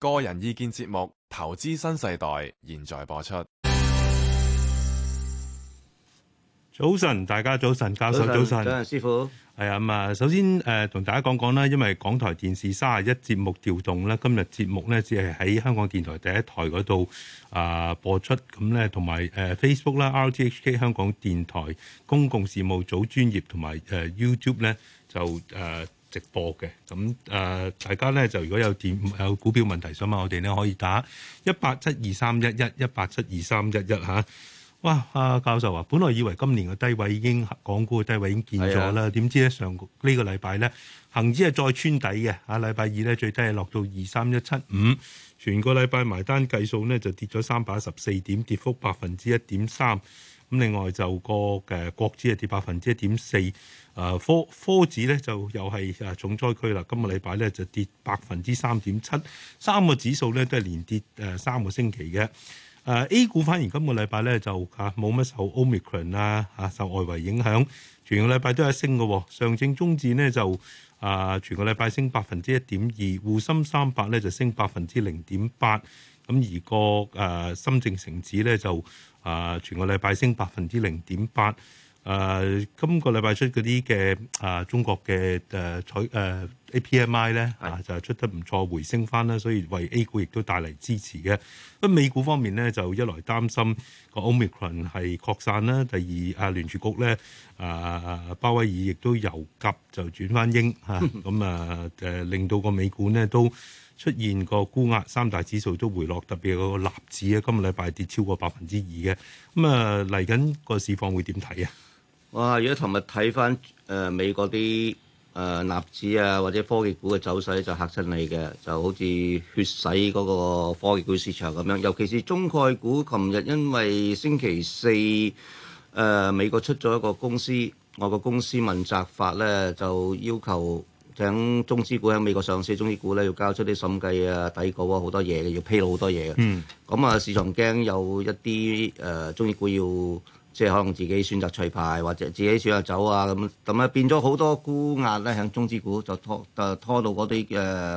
個人意見節目《投資新世代》現在播出。早晨，大家早晨，教授早晨，師傅係啊咁啊，首先誒同、呃、大家講講啦，因為港台電視三十一節目調動咧，今日節目咧只係喺香港電台第一台嗰度啊播出，咁咧同埋誒 Facebook 啦，RTHK 香港電台公共事務組專業同埋誒 YouTube 咧就誒。呃呃呃直播嘅，咁誒，大家呢，就如果有點有股票問題想問我哋呢，可以打一八七二三一一一八七二三一一吓。哇！阿教授啊，本來以為今年嘅低位已經，港股嘅低位已經見咗啦，點、啊、知咧上呢、呢個禮拜呢，恒指係再穿底嘅嚇。禮拜二呢，最低係落到二三一七五，全個禮拜埋單計數呢，就跌咗三百一十四點，跌幅百分之一點三。咁另外就個嘅、呃、國指係跌百分之一點四。誒、啊、科科指咧就又係誒重災區啦，今個禮拜咧就跌百分之三點七，三個指數咧都係連跌誒三個星期嘅。誒、啊、A 股反而今個禮拜咧就嚇冇乜受 Omicron 啊嚇、啊、受外圍影響，全個禮拜都係升嘅、啊。上證中指呢就誒、啊、全個禮拜升百分之一點二，滬深三百咧就升百分之零點八，咁而個誒、啊、深證成指咧就誒、啊、全個禮拜升百分之零點八。誒、呃、今個禮拜出嗰啲嘅啊中國嘅誒採誒 A P M I 咧啊就出得唔錯，回升翻啦，所以為 A 股亦都帶嚟支持嘅。不過美股方面咧就一來擔心個 Omicron 係擴散啦，第二啊聯儲局咧啊、呃、鮑威爾亦都由急就轉翻英嚇，咁 啊誒、啊、令到個美股咧都出現個沽壓，三大指數都回落，特別個納指啊今個禮拜跌超過百分之二嘅，咁、嗯、啊嚟緊個市況會點睇啊？哇！如果琴日睇翻誒美國啲誒、呃、納指啊，或者科技股嘅走勢，就嚇親你嘅，就好似血洗嗰個科技股市場咁樣。尤其是中概股，琴日因為星期四誒、呃、美國出咗一個公司，外國公司問責法咧，就要求請中資股喺美國上市，中資股咧要交出啲審計啊、底稿啊好多嘢嘅，要披露好多嘢嘅。嗯。咁啊，市場驚有一啲誒、呃、中資股要。即係可能自己選擇除牌，或者自己選擇走啊咁，咁啊變咗好多沽壓咧，喺中資股就拖就拖到嗰啲誒，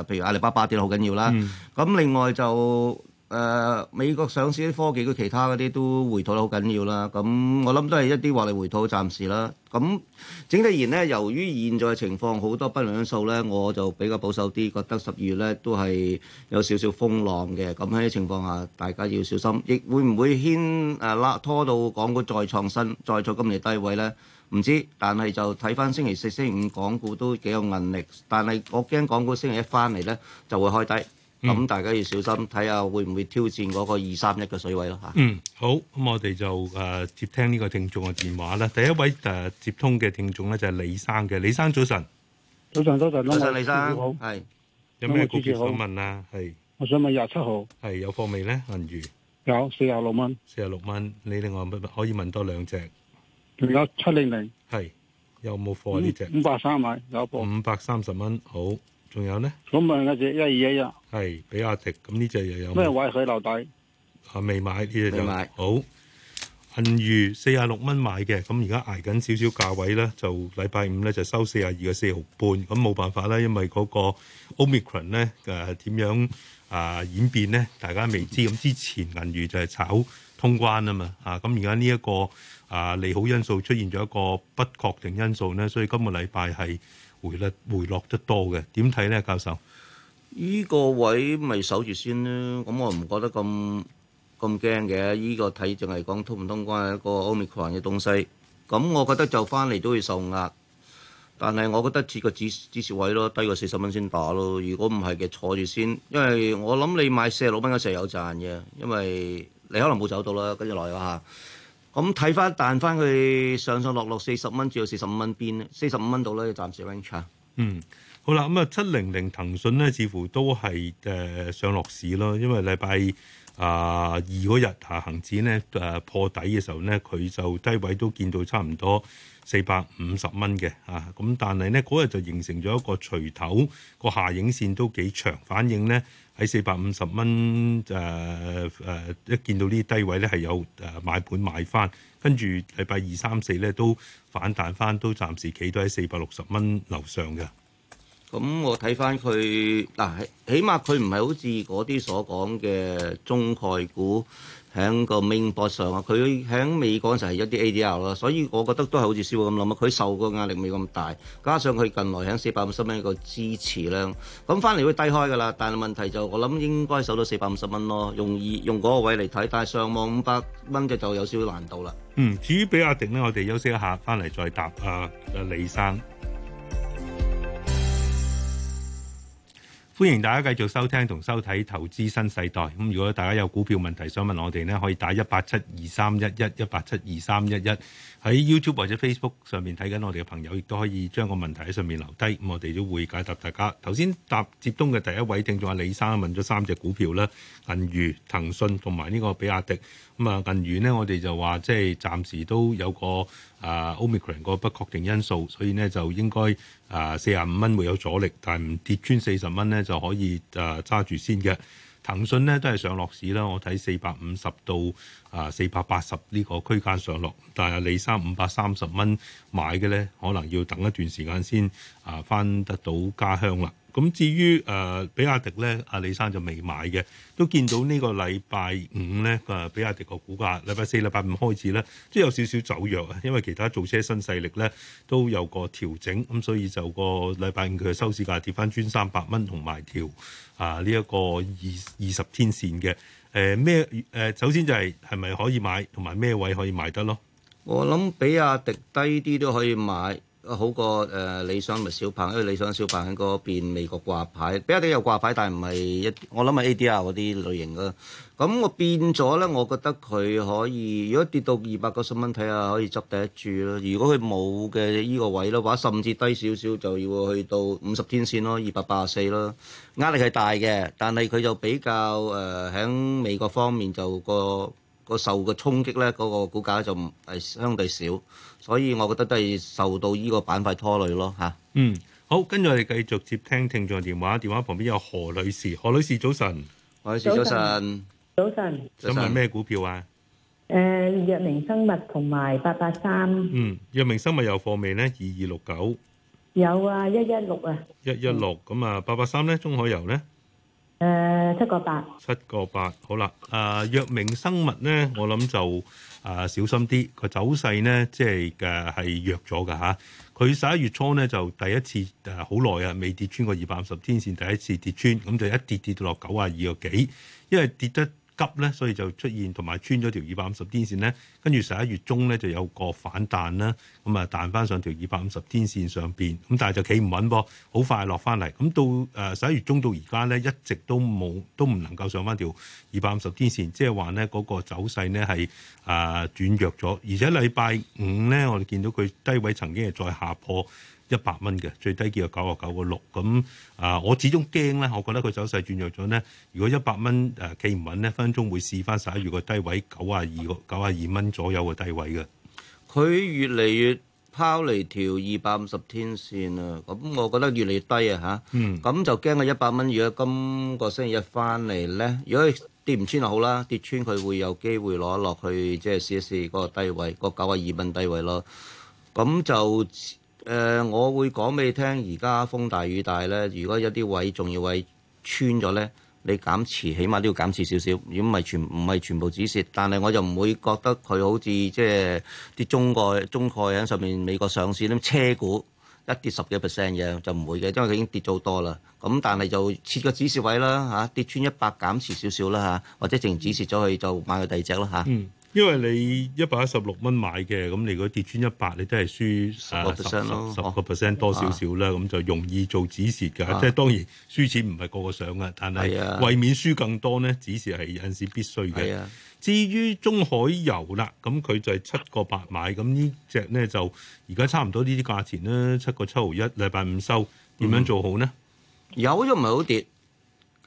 譬如阿里巴巴啲，好緊要啦。咁、嗯、另外就。誒、呃、美國上市啲科技佢其他嗰啲都回吐得好緊要啦，咁、嗯、我諗都係一啲獲利回吐暫時啦。咁、嗯、整體而言咧，由於現在情況好多不確定因素咧，我就比較保守啲，覺得十二月呢都係有少少風浪嘅。咁喺啲情況下，大家要小心。亦會唔會牽誒拉、啊、拖到港股再創新、再創今年低位呢？唔知，但係就睇翻星期四、星期五港股都幾有韌力，但係我驚港股星期一翻嚟呢就會開低。咁大家要小心睇下會唔會挑戰嗰個二三一嘅水位咯吓。嗯，好，咁我哋就誒接聽呢個聽眾嘅電話啦。第一位誒接通嘅聽眾咧就係李生嘅，李生早晨。早晨早晨，早晨李生好。係。有咩急切想問啊？係。我想問廿七號。係有貨未咧銀娛？有四十六蚊。四十六蚊，你另外可以問多兩隻。仲有七零零。係。有冇貨呢隻？五百三十蚊，有貨。五百三十蚊，好。仲有呢？咁啊，嗰隻一二一一，係比亞迪，咁呢隻又有咩位可留底？啊，未買呢隻就好銀娛四十六蚊買嘅，咁而家挨緊少少價位咧，就禮拜五咧就收四十二嘅四毫半，咁冇辦法啦，因為嗰個 omicron 咧誒點樣啊演變咧，大家未知。咁、嗯、之前銀娛就係炒通關啊嘛，啊咁而家呢一個啊利好因素出現咗一個不確定因素咧，所以今個禮拜係回力回落得多嘅，點睇咧，教授？依個位咪守住先啦，咁、嗯、我唔覺得咁咁驚嘅。依、這個睇淨係講通唔通關一個 Omicron 嘅東西，咁、嗯、我覺得就翻嚟都會受壓。但係我覺得設個指指示位咯，低過四十蚊先打咯。如果唔係嘅，坐住先，因為我諗你買四十六蚊嘅時候有賺嘅，因為你可能冇走到啦，跟住落嚟啦咁睇翻彈翻佢，上上落落四十蚊至到四十五蚊邊咧，四十五蚊度咧暫時 range 啊。嗯，好啦，咁啊七零零騰訊咧，似乎都係誒、呃、上落市咯，因為禮拜啊二嗰日啊恆指咧誒破底嘅時候咧，佢就低位都見到差唔多。四百五十蚊嘅啊，咁但係咧嗰日就形成咗一個錘頭，個下影線都幾長，反映咧喺四百五十蚊誒誒，一見到呢低位咧係有誒買盤買翻，跟住禮拜二三四咧都反彈翻，都暫時企到喺四百六十蚊樓上嘅。咁、嗯、我睇翻佢嗱，起碼佢唔係好似嗰啲所講嘅中概股。喺個 Main Board 上啊，佢喺美股嗰陣係有啲 ADR 啦，所以我覺得都係好似燒咁諗啊。佢受個壓力未咁大，加上佢近來喺四百五十蚊一個支持咧，咁翻嚟會低開噶啦。但係問題就我諗應該守到四百五十蚊咯。用二用嗰個位嚟睇，但係上望五百蚊嘅就有少少難度啦。嗯，至於比亞迪咧，我哋休息一下，翻嚟再答啊、呃、李生。歡迎大家繼續收聽同收睇《投資新世代》。咁如果大家有股票問題想問我哋呢，可以打一八七二三一一一八七二三一一。喺 YouTube 或者 Facebook 上面睇緊我哋嘅朋友，亦都可以將個問題喺上面留低，咁、嗯、我哋都會解答大家。頭先答接通嘅第一位聽眾阿李生問咗三隻股票啦，銀娛、騰訊同埋呢個比亞迪。咁啊，銀娛咧，我哋就話即係暫時都有個啊 Omicron 嗰個不確定因素，所以呢，就應該啊四十五蚊會有阻力，但唔跌穿四十蚊呢，就可以啊揸住先嘅。騰訊都係上落市啦，我睇四百五十到啊四百八十呢個區間上落，但係李生五百三十蚊買嘅咧，可能要等一段時間先啊返得到家鄉啦。咁至於誒、呃、比亞迪咧，阿、啊、李生就未買嘅，都見到個呢個禮拜五咧，個、啊、比亞迪個股價，禮拜四、禮拜五開始咧，即係有少少走弱啊，因為其他造車新勢力咧都有個調整，咁所以就個禮拜五佢嘅收市價跌返穿三百蚊同埋條啊呢一、這個二二十天線嘅誒咩誒，首先就係係咪可以買，同埋咩位可以買得咯？我諗比亞迪低啲都可以買。好過誒、呃、理想物小鵬，因為理想小鵬喺嗰邊美國掛牌，比較啲有掛牌，但係唔係一，我諗係 ADR 嗰啲類型咯。咁我變咗咧，我覺得佢可以，如果跌到二百九十蚊睇下，可以執第一注咯。如果佢冇嘅依個位咧，話或者甚至低少少就要去到五十天線咯，二百八十四咯，壓力係大嘅，但係佢就比較誒喺、呃、美國方面就個個受嘅衝擊咧，嗰、那個股價就唔係相對少。所以我覺得都係受到呢個板塊拖累咯吓。嗯，好，跟住我哋繼續接聽聽眾電話，電話旁邊有何女士，何女士早晨，何女士早晨，早晨。想問咩股票啊？誒，藥明生物同埋八八三。嗯，藥明生物有貨未咧？二二六九。有啊，一一六啊。一一六，咁啊，八八三咧，中海油咧？誒，七個八。七個八，好啦。誒，藥明生物咧，我諗就。啊，小心啲個走勢呢，即係嘅係弱咗㗎吓。佢十一月初呢，就第一次誒好耐啊，未跌穿過二百五十天線，第一次跌穿，咁就一跌跌到落九啊二個幾，因為跌得急咧，所以就出現同埋穿咗條二百五十天線咧，跟住十一月中咧就有個反彈啦，咁啊彈翻上條二百五十天線上邊，咁但係就企唔穩噃，好快落翻嚟。咁到誒十一月中到而家咧，一直都冇都唔能夠上翻條二百五十天線，即係話咧嗰個走勢呢係啊轉弱咗，而且禮拜五咧我哋見到佢低位曾經係再下破。一百蚊嘅最低叫九啊九個六咁啊！我始終驚咧，我覺得佢走勢轉弱咗咧。如果一百蚊誒企唔穩咧，分分鐘會試翻十一月個低位九啊二個九啊二蚊左右嘅低位嘅，佢越嚟越拋離條二百五十天線啊！咁我覺得越嚟越低啊吓，咁、嗯、就驚佢一百蚊如果今個星期一翻嚟咧，如果跌唔穿就好啦，跌穿佢會有機會攞落去，即係試一試嗰個低位嗰九啊二蚊低位咯。咁就。誒、呃，我會講俾你聽，而家風大雨大咧，如果有啲位仲要位穿咗咧，你減持起碼都要減持少少，如果唔係全唔係全部止蝕，但係我就唔會覺得佢好似即係跌中概中概喺上面美國上市咁，車股一跌十幾 percent 嘅就唔會嘅，因為佢已經跌咗好多啦。咁但係就設個止蝕位啦，嚇、啊、跌穿減一百減持少少啦，嚇、啊、或者淨止蝕咗佢就買去第二隻啦，嚇、啊。嗯因為你一百一十六蚊買嘅，咁你如果你跌穿一百，你都係輸啊十個 percent 多少少啦，咁、啊、就容易做止蝕嘅。啊、即係當然輸錢唔係個個想嘅，但係為免輸更多咧，止蝕係有陣時必須嘅。啊、至於中海油啦，咁佢就係七個八買，咁呢隻咧就而家差唔多呢啲價錢啦，七個七毫一，禮拜五收，點樣做好呢？嗯、有咗唔係好跌。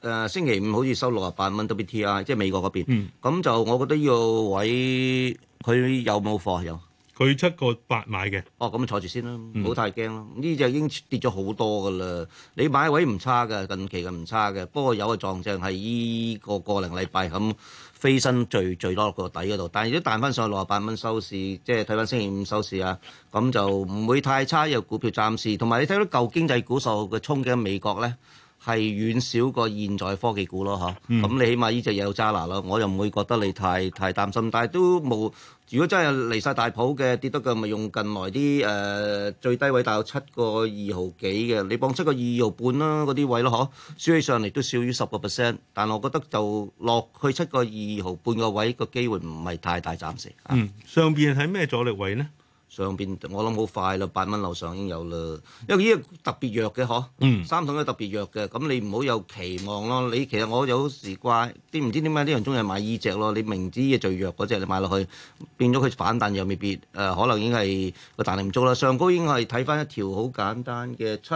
誒、呃、星期五好似收六十八蚊 WTI，即係美國嗰邊。咁、嗯、就我覺得要位，佢有冇貨？有。佢七個八買嘅。哦，咁坐住先啦，唔好、嗯、太驚咯。呢隻已經跌咗好多噶啦，你買位唔差嘅，近期嘅唔差嘅。不過有個撞正係依個個零禮拜咁飛身最多落個底嗰度。但係一彈翻上去六十八蚊收市，即係睇翻星期五收市啊，咁就唔會太差。依個股票暫時。同埋你睇到舊經濟股數嘅衝擊美國咧。係遠少過現在科技股咯，嚇、嗯。咁你起碼呢隻有揸拿咯，我又唔會覺得你太太擔心。但係都冇，如果真係離晒大譜嘅跌得嘅，咪用近來啲誒、呃、最低位，大約七個二毫幾嘅，你磅七個二毫半啦，嗰啲位咯，嗬。輸起上嚟都少於十個 percent，但係我覺得就落去七個二毫半個位個機會唔係太大，暫時。啊、嗯，上邊係咩阻力位呢？上邊我諗好快啦，八蚊樓上已經有啦，因為呢個特別弱嘅嗬。嗯、三桶都特別弱嘅，咁你唔好有期望咯。你其實我有時怪啲唔知點解啲人中意買呢隻咯，你明知嘅最弱嗰隻，你買落去變咗佢反彈又未必，誒、呃、可能已經係個彈力唔足啦。上高已經係睇翻一條好簡單嘅七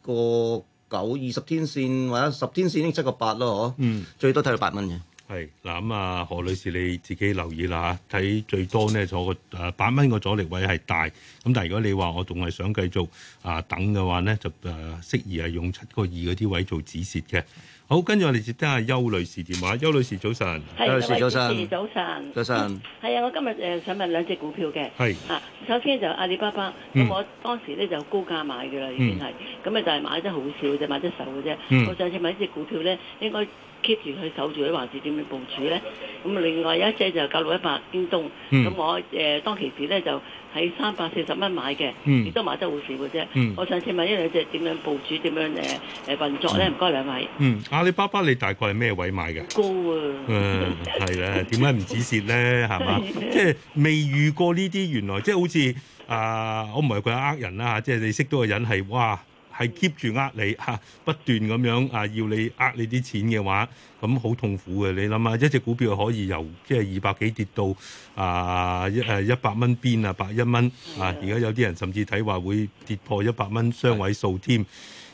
個九二十天線或者十天線已經七個八咯，嗬、嗯，最多睇到八蚊嘅。係嗱咁啊，何女士你自己留意啦嚇，睇最多咧坐個誒百蚊個阻力位係大，咁但係如果你我、呃、話我仲係想繼續啊等嘅話咧，就誒適、呃、宜係用七個二嗰啲位做止蝕嘅。好，跟住我哋接聽下邱女士電話。邱女士早晨，邱女士早晨，早晨，係啊安、嗯，我今日誒想問兩隻股票嘅，係是啊，首先就阿里巴巴，咁、嗯、我當時咧就高價買嘅啦，已經係，咁咪就係買得好少啫，買得少嘅啫。我上次買一隻股票咧，嗯、應該。keep 住佢守住啲位置點樣部署咧？咁另外有一隻就九六一百京東，咁、嗯、我誒、呃、當其時咧就喺三百四十蚊買嘅，亦都、嗯、買得好少嘅啫。嗯、我想請問呢兩隻點樣部署，點樣誒誒、呃、運作咧？唔該兩位、嗯。阿里巴巴你大概係咩位買嘅？高啊！誒係啊，點解唔止蝕咧？係嘛？即係未遇過呢啲原來，即係好似啊、呃，我唔係佢呃人啊，即係你識到個人係哇。哇係 keep 住呃你嚇、啊，不斷咁樣啊，要你呃你啲錢嘅話，咁好痛苦嘅。你諗下，一隻股票可以由即係二百幾跌到啊一誒一百蚊邊啊，百一蚊啊，而家有啲人甚至睇話會跌破一百蚊雙位數添。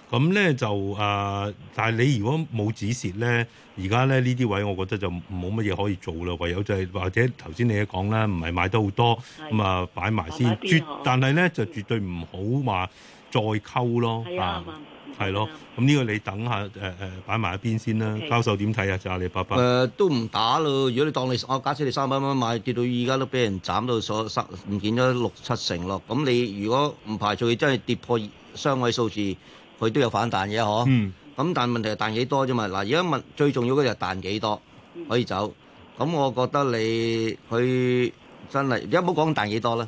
咁咧的就啊，但係你如果冇止蝕咧，而家咧呢啲位，我覺得就冇乜嘢可以做啦。唯有就係、是、或者頭先你一講啦，唔係買得好多咁啊，的擺埋先。絕的但係咧就絕對唔好話。的再溝咯，係啊，係咯，咁呢個你等下誒誒擺埋一邊先啦。交手點睇啊？就阿里巴巴誒都唔打咯。如果你當你我假設你三百蚊買，跌到而家都俾人斬到所唔見咗六七成咯。咁你如果唔排除佢真係跌破雙位數字，佢都有反彈嘅嗬。咁但問題係彈幾多啫嘛？嗱，而家問最重要嘅就係彈幾多可以走。咁我覺得你佢真係而家唔好講彈幾多啦。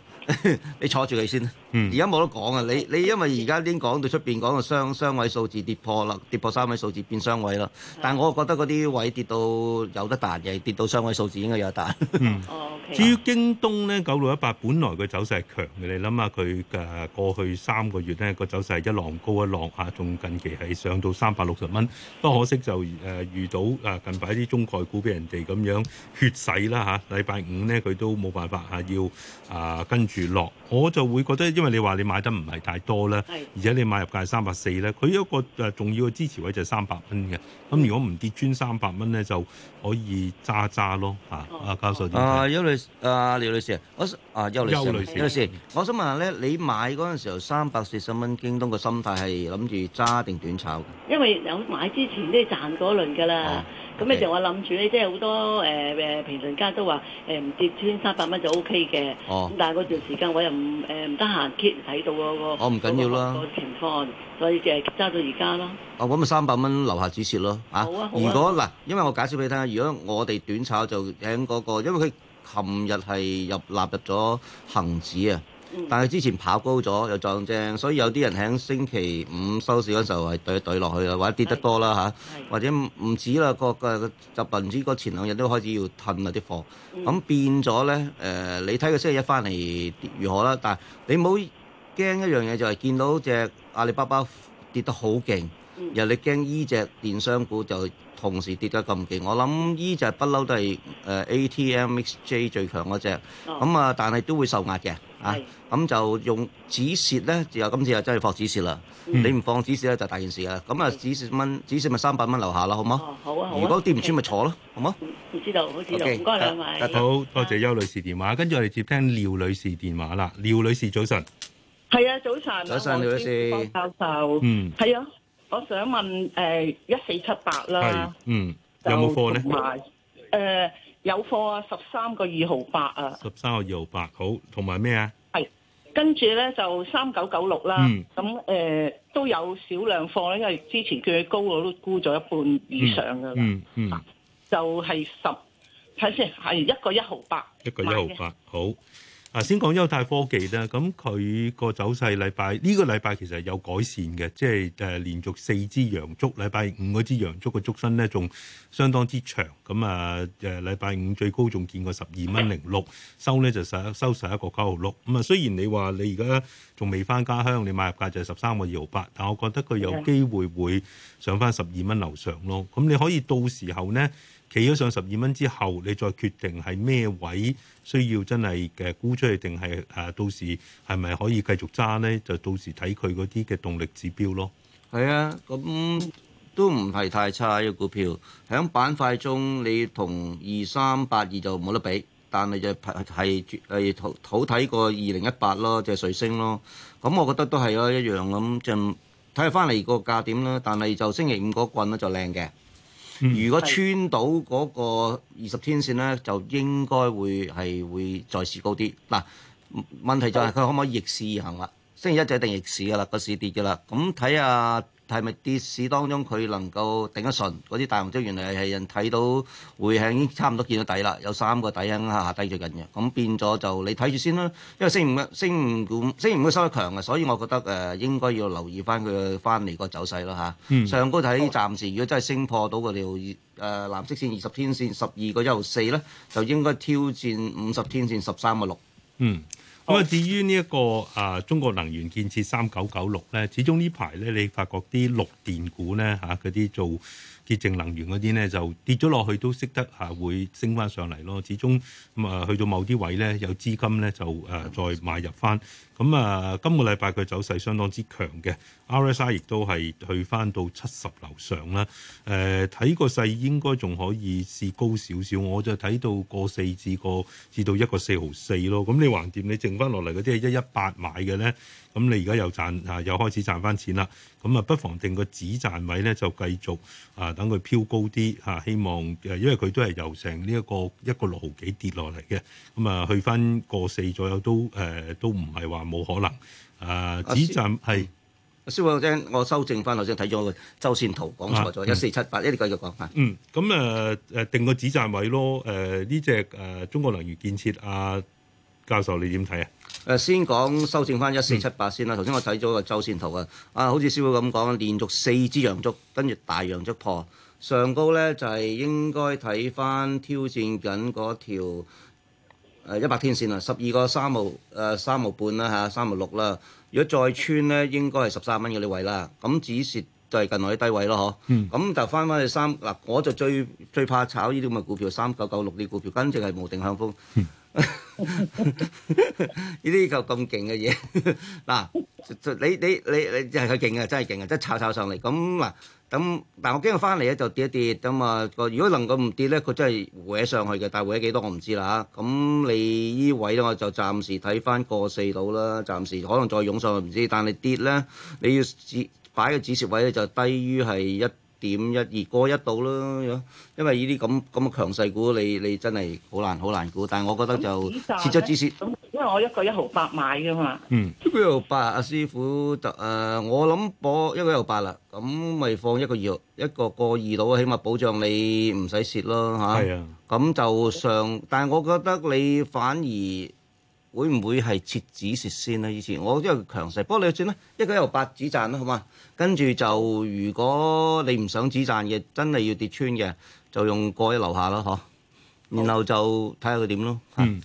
你坐住佢先。而家冇得講啊！你你因為而家已經講到出邊講個雙雙位數字跌破啦，跌破三位數字變雙位啦。但係我覺得嗰啲位跌到有得彈嘅，跌到雙位數字應該有得彈。嗯哦 okay. 至於京東咧，九六一八本來個走勢係強嘅，你諗下佢嘅過去三個月咧，個走勢係一浪高一浪嚇，仲近期係上到三百六十蚊。不過可惜就誒遇到誒近排啲中概股俾人哋咁樣血洗啦嚇！禮拜五咧佢都冇辦法嚇，要啊跟住落。我就會覺得，因為你話你買得唔係太多咧，係而且你買入價係三百四咧，佢一個誒重要嘅支持位就係三百蚊嘅。咁如果唔跌穿三百蚊咧，就可以揸揸咯嚇。阿、啊、教授點睇？邱女士，廖女士，我啊邱女士，邱女士，我想問下咧，你買嗰陣時候三百四十蚊京東嘅心態係諗住揸定短炒？因為有買之前都係賺嗰輪㗎啦。哦。咁咧就我諗住咧，即係好多誒誒評論家都話誒唔跌穿三百蚊就 O K 嘅。哦，但係嗰段時間我又唔誒唔得閒 keep 睇到喎、那個。哦，唔緊要啦，個情況，所以就係揸到而家啦。哦，咁咪三百蚊留下止蝕咯。啊如果嗱，因為我介紹俾你聽下，如果我哋短炒就喺嗰、那個，因為佢琴日係入納入咗恒指啊。但係之前跑高咗又撞正，所以有啲人喺星期五收市嗰時候就係隊一隊落去啦，或者跌得多啦嚇，啊、或者唔止啦，個個個集羣股，前兩日都開始要褪啦啲貨。咁變咗咧，誒、呃、你睇佢星期一翻嚟如何啦？但係你唔好驚一樣嘢，就係、是、見到隻阿里巴巴跌得好勁。又你驚依隻電商股就同時跌得咁勁，我諗依就係不嬲都係誒 ATMXJ 最強嗰隻，咁啊但係都會受壓嘅啊，咁就用止蝕咧，就今次就真係放止蝕啦。你唔放止蝕咧就大件事啦。咁啊止蝕蚊止蝕咪三百蚊樓下啦，好冇？好啊好啊。如果跌唔穿咪坐咯，好冇？唔知道，好似唔該兩位。好多謝邱女士電話，跟住我哋接聽廖女士電話啦。廖女士早晨，係啊早晨啊，黃教授，嗯，係啊。我想問誒，一四七八啦，嗯，有冇貨咧？同埋誒，有貨啊，十三個二毫八啊，十三個二毫八好，同埋咩啊？係跟住咧就三九九六啦，咁誒、嗯嗯呃、都有少量貨啦，因為之前佢嘅高我都沽咗一半以上噶啦、嗯，嗯嗯，就係十睇先係一個一毫八，一個一毫八好。嗱，先講優泰科技咧，咁佢個走勢禮拜呢、這個禮拜其實有改善嘅，即係誒連續四支陽燭，禮拜五嗰支陽燭嘅燭身咧仲相當之長，咁啊誒禮拜五最高仲見過十二蚊零六，收咧就十收十一個九毫六。咁啊雖然你話你而家仲未翻家鄉，你買入價就係十三個二毫八，但我覺得佢有機會會上翻十二蚊樓上咯。咁你可以到時候咧。企咗上十二蚊之後，你再決定係咩位需要真係嘅沽出嚟，定係誒到時係咪可以繼續揸咧？就到時睇佢嗰啲嘅動力指標咯。係啊，咁、嗯、都唔係太差嘅股票，喺板塊中你同二三八二就冇得比，但係就係係係好睇過二零一八咯，就係水星咯。咁、嗯、我覺得都係啊，一樣咁就睇下翻嚟個價點啦。但係就星期五嗰棍咧就靚嘅。嗯，如果穿到嗰個二十天線呢，就應該會係會再試高啲。嗱，啊，問題就係佢可唔可以逆市而行啦，啊？星期一就一定逆市噶啦，個市跌噶啦。咁睇下。係咪跌市當中佢能夠頂得順？嗰啲大紅椒原嚟係人睇到回向已經差唔多見到底啦，有三個底向下低咗近嘅，咁變咗就你睇住先啦。因為升唔、升唔、升唔會收得強嘅，所以我覺得誒、呃、應該要留意翻佢翻嚟個走勢啦嚇。啊嗯、上高睇暫時，如果真係升破到嗰條誒、呃、藍色線二十天線十二個一毫四咧，就應該挑戰五十天線十三個六。嗯。咁啊，至於呢一個啊，中國能源建設三九九六咧，始終呢排咧，你發覺啲綠電股咧嚇，嗰啲做潔淨能源嗰啲咧，就跌咗落去都識得嚇會升翻上嚟咯。始終咁啊，去到某啲位咧，有資金咧就誒再買入翻。咁啊、嗯，今個禮拜佢走勢相當之強嘅，RSI 亦都係去翻到七十樓上啦。誒、呃，睇個勢應該仲可以試高少少，我就睇到個四至個至到一個四毫四咯。咁、嗯、你橫掂、嗯，你剩翻落嚟嗰啲係一一八買嘅咧，咁你而家又賺啊，又開始賺翻錢啦。咁啊，不妨定個止賺位咧，就繼續啊，等佢飄高啲嚇、啊。希望誒、啊，因為佢都係由成呢一個一個六毫幾跌落嚟嘅，咁啊，去翻個四左右都誒、啊，都唔係話。冇可能啊、呃！指贊係，阿、啊、師，是師傅頭先我修正翻，頭先睇咗個周線圖，講錯咗一四七八，一啲繼續講嚇。嗯，咁誒誒定個指贊位咯。誒呢隻誒中國能源建設啊，教授你點睇啊？誒先講修正翻一四七八先啦。頭先、嗯、我睇咗個周線圖啊，啊好似師傅咁講，連續四支陽燭跟住大陽燭破上高咧，就係、是、應該睇翻挑戰緊嗰條。誒一百天線啊，十二個三毫誒三毫半啦嚇，三毫六啦。如果再穿咧，應該係十三蚊嘅呢位啦。咁止蝕就係近來啲低位咯嗬。咁就翻翻去三嗱，我就最最怕炒呢啲咁嘅股票，三九九六啲股票，真正係無定向風。呢啲就咁勁嘅嘢嗱，你你你你係佢勁啊，真係勁啊，即係炒炒上嚟咁嗱。但我驚佢翻嚟咧就跌一跌、嗯、如果能夠唔跌呢，佢真係搲上去嘅，但係搲幾多少我唔知啦咁、啊、你呢位咧，我就暫時睇翻個四道啦，暫時可能再湧上去唔知道，但係跌呢，你要擺的止擺嘅止蝕位咧就低於係一點一二過一度咯，因為呢啲咁咁嘅強勢股，你你真係好難好難估。但係我覺得就設咗止蝕，因為我一個一毫八買嘅嘛。嗯，嗯，一毫八阿、啊、師傅就誒、呃，我諗博一個一毫八啦，咁咪放一個二一個過二度，起碼保障你唔使蝕咯嚇。係啊，咁、啊、就上，但係我覺得你反而。會唔會係設止蝕先咧、啊？以前我因為強勢，不過你算啦、嗯，一間由八止賺啦，好嘛？跟住就如果你唔想止賺嘅，真係要跌穿嘅，就用蓋留下咯，嗬。然後就睇下佢點咯。 嗯，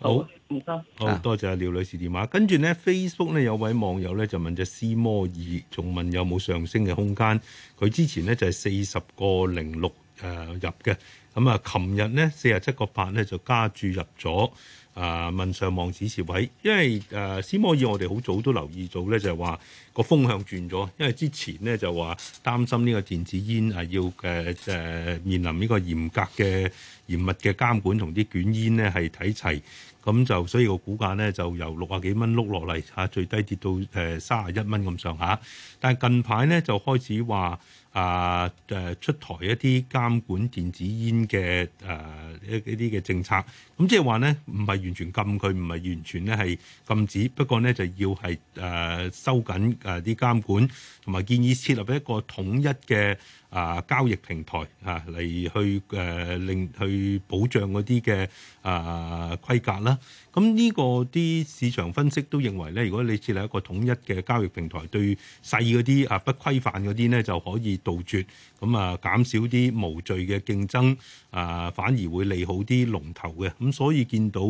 好唔該，好、oh, 多謝、啊、廖女士電話。跟住呢 f a c e b o o k 呢，是 Facebook, 有位網友呢，就問隻思摩爾，仲問有冇上升嘅空間？佢之前呢就，就係四十個零六誒入嘅，咁啊，琴日呢，四十七個八呢，就加注入咗。啊！問上網支持位，因為誒思、啊、摩爾，我哋好早都留意到咧，就係話個風向轉咗，因為之前咧就話擔心呢個電子煙啊，要誒誒面臨呢個嚴格嘅嚴密嘅監管同啲捲煙咧係睇齊，咁就所以個股價咧就由六啊幾蚊碌落嚟嚇，最低跌到誒三啊一蚊咁上下，但係近排咧就開始話。啊誒出台一啲監管電子煙嘅誒一啲嘅政策，咁即係話咧唔係完全禁佢，唔係完全咧係禁止，不過咧就要係誒、啊、收緊誒啲監管，同埋建議設立一個統一嘅啊交易平台嚇嚟、啊、去誒、啊、令去保障嗰啲嘅。誒規格啦，咁呢個啲市場分析都認為呢，如果你設立一個統一嘅交易平台，對細嗰啲啊不規範嗰啲呢，就可以杜絕，咁啊減少啲無序嘅競爭，啊反而會利好啲龍頭嘅。咁所以見到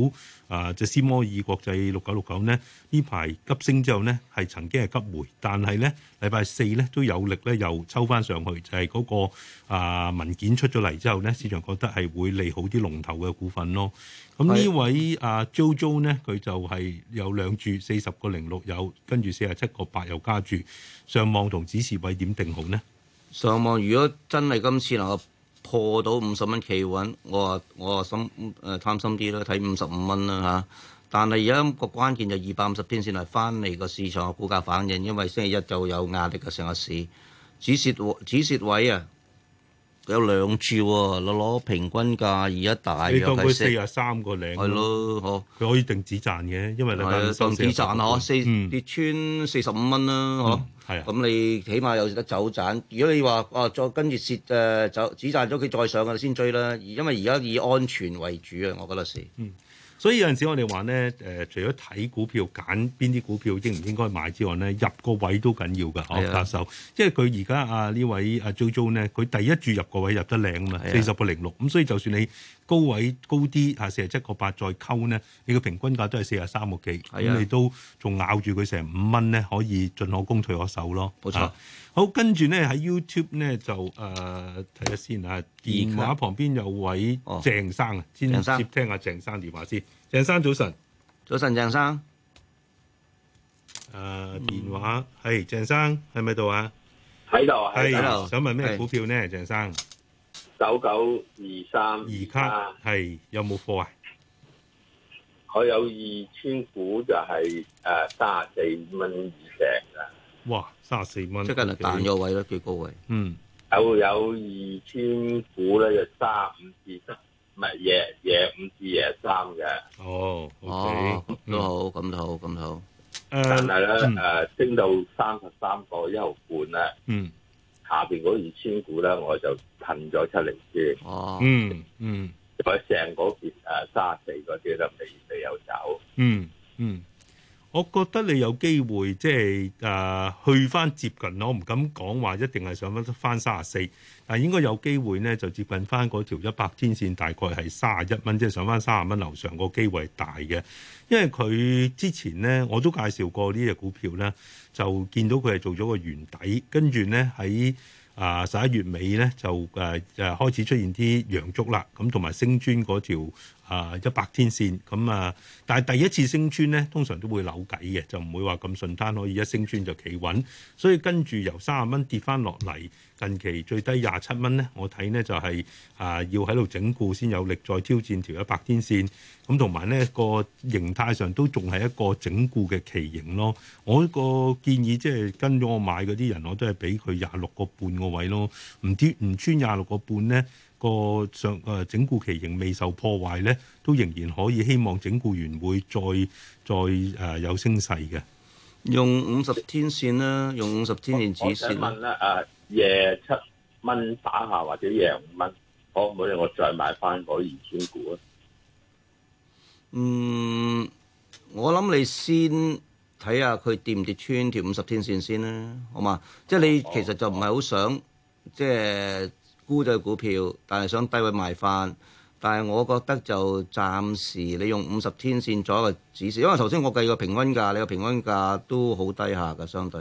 啊隻斯摩爾國際六九六九呢，呢排急升之後呢，係曾經係急回，但係呢禮拜四呢，都有力呢，又抽翻上去，就係嗰個啊文件出咗嚟之後呢，市場覺得係會利好啲龍頭嘅股份咯。咁呢、嗯、是位阿、uh, JoJo 呢，佢就係有兩注四十個零六有，跟住四十七個八有加注。上望同止蝕位點定好呢？上望如果真係今次能夠破到五十蚊企穩，我我，我、呃、心誒貪心啲啦，睇五十五蚊啦嚇。但係而家個關鍵就二百五十天線係翻嚟個市場個股價反應，因為星期一就有壓力嘅，成個市止蝕止蝕位啊！有兩處喎、啊，攞攞平均價而家大約係四十三個零、啊。係咯，佢可以定止賺嘅，因為你你、啊、當止賺啊，嗯、四跌穿四十五蚊啦，嗬。係啊，咁、嗯啊嗯、你起碼有得走盞。如果你話啊，再跟住蝕誒走止賺咗，佢再上嘅先追啦。因為而家以安全為主啊，我覺得是。嗯。所以有陣時我哋話咧，誒、呃、除咗睇股票，揀邊啲股票應唔應該買之外咧，入個位都緊要㗎，哦教授，即係佢而家啊，啊，位啊 JoJo 呢位阿 JoJo 咧，佢第一注入個位入得靚啊嘛，四十個零六，咁所以就算你。高位高啲，嚇四十七個八再溝呢？你個平均價都係四十三個幾，咁、啊、你都仲咬住佢成五蚊呢？可以進可攻退可守咯。冇錯、啊，好，跟住呢喺 YouTube 呢就誒睇下先嚇，電話旁邊有位鄭生啊，先接聽下鄭生電話先。鄭生早晨，早晨鄭生。誒、呃、電話係、嗯、鄭生喺咪度啊？喺度喺度，想問咩股票呢？是鄭生。九九二三二卡係有冇貨啊？我有二千股就係誒三十四蚊以上啊！哇，三十四蚊即係彈咗位啦，最高位。嗯，有有二千股咧，就三五至三唔係夜夜五至夜三嘅。哦，都好咁好咁好，但係咧誒升到三十三個一毫半啦。嗯。下邊嗰二千股咧，我就褪咗出嚟先。哦、啊嗯，嗯嗯，再成嗰邊誒三十四嗰啲都未未有走。嗯嗯，我覺得你有機會即係誒去翻接近，我唔敢講話一定係上翻翻三十四，但係應該有機會咧就接近翻嗰條一百天線，大概係三十一蚊，即係上翻三啊蚊樓上個機會大嘅，因為佢之前咧我都介紹過呢隻股票啦。就見到佢係做咗個圓底，跟住咧喺啊十一月尾咧就誒誒、呃、開始出現啲陽燭啦，咁同埋升穿嗰條啊一百天線，咁啊，但係第一次升穿咧通常都會扭計嘅，就唔會話咁順攤可以一升穿就企穩，所以跟住由三十蚊跌翻落嚟。近期最低廿七蚊咧，我睇呢就係、是、啊、呃、要喺度整固先有力再挑戰條一百天線，咁同埋呢、那個形態上都仲係一個整固嘅旗形咯。我呢個建議，即係跟咗我買嗰啲人，我都係俾佢廿六個半個位咯。唔穿唔穿廿六個半呢、那個上啊、呃、整固旗形未受破壞呢，都仍然可以希望整固完會再再誒、呃、有升勢嘅。用五十天線啦，用五十天線止線啦。我想問啊，夜七蚊打下或者夜五蚊，可唔可以？我再買翻嗰二千股咧？嗯，我諗你先睇下佢跌唔跌穿條五十天線先啦，好嘛？即係你其實就唔係好想即係、哦、沽咗股票，但係想低位買返。但係，我覺得就暫時你用五十天線做一個指示，因為頭先我計個平均價，你個平均價都好低下嘅。相對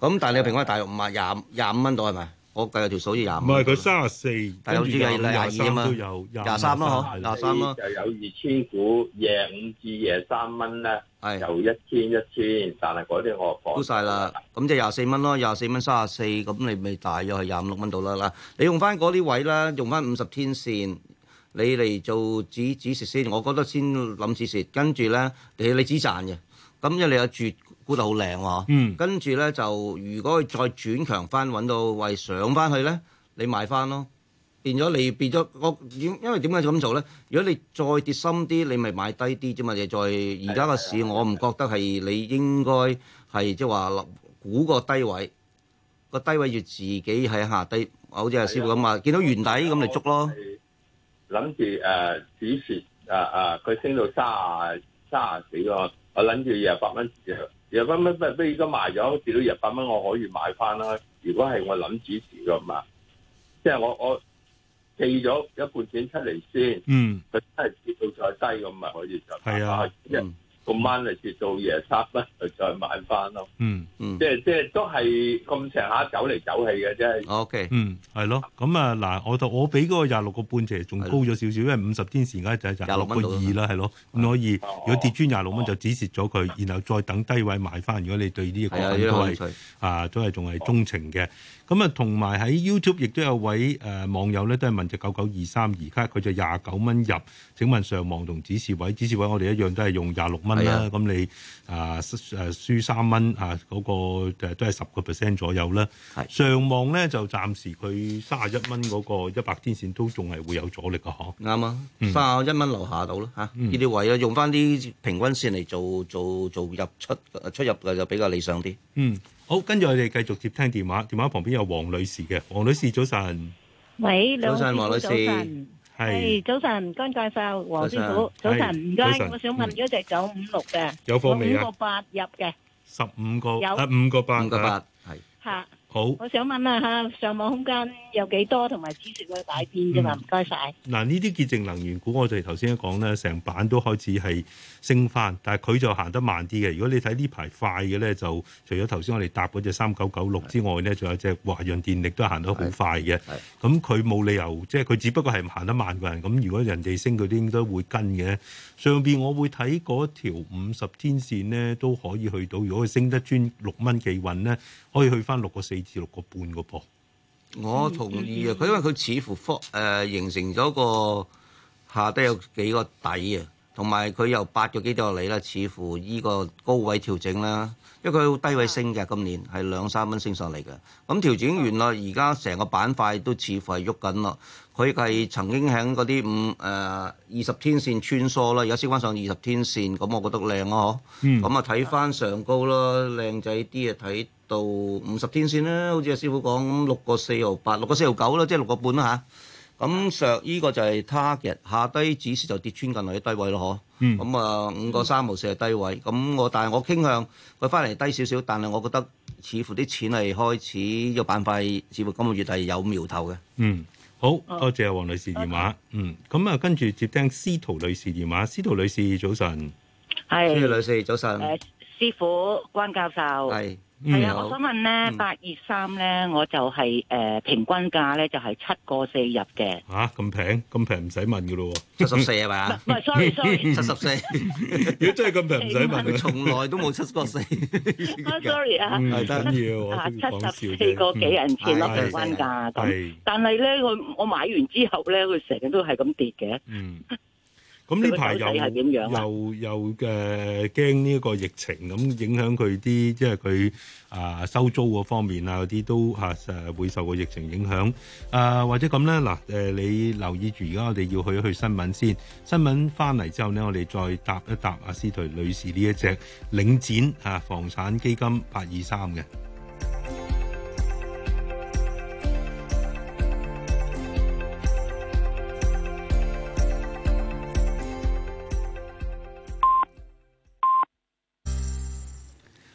咁，但係你平均價大約五萬廿廿五蚊度係咪？我計嘅條數要廿五。唔係佢三十四，有啲計廿二啊嘛，廿三咯，嗬，廿三咯，有二千股，廿五至廿三蚊咧，由一千一千，1000, 1000，但係嗰啲我講。都曬啦，咁即係廿四蚊咯，廿四蚊三十四，咁你咪大約係廿五六蚊度啦。你用翻嗰啲位啦，用翻五十天線。你嚟做止止蝕先，我覺得先諗止蝕，跟住咧你你止賺嘅，咁因為你有住估得好靚喎，嗯，跟住咧就如果佢再轉強翻，揾到位，上翻去咧，你買翻咯，變咗你變咗我點？因為點解咁做咧？如果你再跌深啲，你咪買低啲啫嘛。你再而家個市，哎哎、我唔覺得係、哎、呀你應該係即係話估個低位，個低位要自己喺下低，好似阿師傅咁話，見到原底咁嚟捉咯。諗住誒股市誒誒，佢、呃啊、升到卅廿卅廿幾咯。我諗住廿八蚊，廿八蚊不不而家賣咗跌到廿八蚊，我可以買翻啦。如果係我諗股市嘅嘛，即係我我寄咗一半錢出嚟先，嗯，佢真係跌到再低咁咪可以買、嗯、就係啊，即嗯個晚嚟蝕到夜叉啦，就再買翻咯。嗯嗯，即係即係都係咁上下走嚟走去嘅啫。O、okay. K，嗯，係咯。咁啊嗱，我就我俾嗰個廿六個半，即係仲高咗少少，因為五十天線而家就廿六個二啦，係咯，咁、嗯、所以，如果跌穿廿六蚊就止蝕咗佢，哦、然後再等低位買翻。如果你對呢隻都係、嗯、啊，都係仲係鍾情嘅。咁啊，同埋喺 YouTube 亦都有位誒、呃、網友咧，都係問隻九九二三，而家佢就廿九蚊入。請問上望同指示位，指示位我哋一樣都係用廿六蚊啦。咁的你啊誒、呃、輸三蚊啊，嗰、那個都係十個 percent 左右啦。係的上望咧就暫時佢三十一蚊嗰個一百天線都仲係會有阻力嘅嗬，啱吧、嗯、啊，三十、嗯、一蚊樓下到咯嚇。呢啲位啊用返啲平均線嚟做做做，做入出出入嘅就比較理想啲。嗯。好，跟住我哋繼續接聽電話。電話旁邊有黃女士嘅，黃女士早晨，喂，早晨，黃女士，係早晨，剛介紹，黃師傅，早晨，唔該，我想問一隻九五六嘅，有貨五個八入嘅，十五個，有五、啊、個八，五個八。好我想問下，上網空間有幾多？同埋指數會改變嘅嘛？唔該晒。嗱呢啲潔淨能源股，我哋頭先一講咧，成版都開始係升翻，但係佢就行得慢啲嘅。如果你睇呢排快嘅咧，就除咗頭先我哋搭嗰隻三九九六之外咧，仲的有隻華潤電力都行得好快嘅。咁佢冇理由，即係佢只不過係行得慢嘅人。咁如果人哋升嗰啲應該會跟嘅。上邊我會睇嗰條五十天線呢都可以去到。如果佢升得專六蚊幾運呢，可以去翻六個四。六個半個噃，我同意啊！佢因為佢似乎科誒、呃、形成咗個下低有幾個底啊，同埋佢又八個幾度嚟咧，似乎依個高位調整啦。因為佢好低位升嘅，今年係兩三蚊升上嚟嘅。咁調整完啦，而家成個板塊都似乎係喐緊咯。佢係曾經喺嗰啲五誒二十天線穿梭啦，而家升翻上二十天線，咁我覺得靚咯～嗬，咁啊睇翻上高咯，靚仔啲啊睇。到五十天線啦，好似阿師傅講咁，六個四毫八，六個四毫九啦，即係六個半啦吓，咁上依個就係他日下跌，指數就跌穿近來嘅低位咯。嗬，咁啊五個三毫四係低位。咁我但係我傾向佢返嚟低少少，但係我覺得似乎啲錢係開始個板塊，似乎今個月係有苗頭嘅。嗯，嗯好多謝黃女士電話。嗯，咁啊跟住接聽司徒女士電話。司徒女士早晨，係，司徒女士早晨。誒、呃，師傅關教授。係。係啊，我想問咧，八月三咧，我就係誒平均價咧就係七個四入嘅。吓，咁平咁平唔使問噶咯，七十四係咪？唔係，sorry，sorry，七十四。如果真係咁平唔使問，佢從來都冇七個四。sorry 啊，係緊要。七十四個幾人錢咯，平均價咁。但係咧，我我買完之後咧，佢成日都係咁跌嘅。嗯。咁呢排又係點樣，又又嘅驚呢個疫情咁影響佢啲，即係佢啊，收租嗰方面啊啲都嚇誒會受個疫情影響啊、呃，或者咁咧，嗱誒，你留意住，而家我哋要去一去新聞先，新聞翻嚟之後咧，我哋再答一答阿司徒女士呢一隻領展啊房產基金八二三嘅。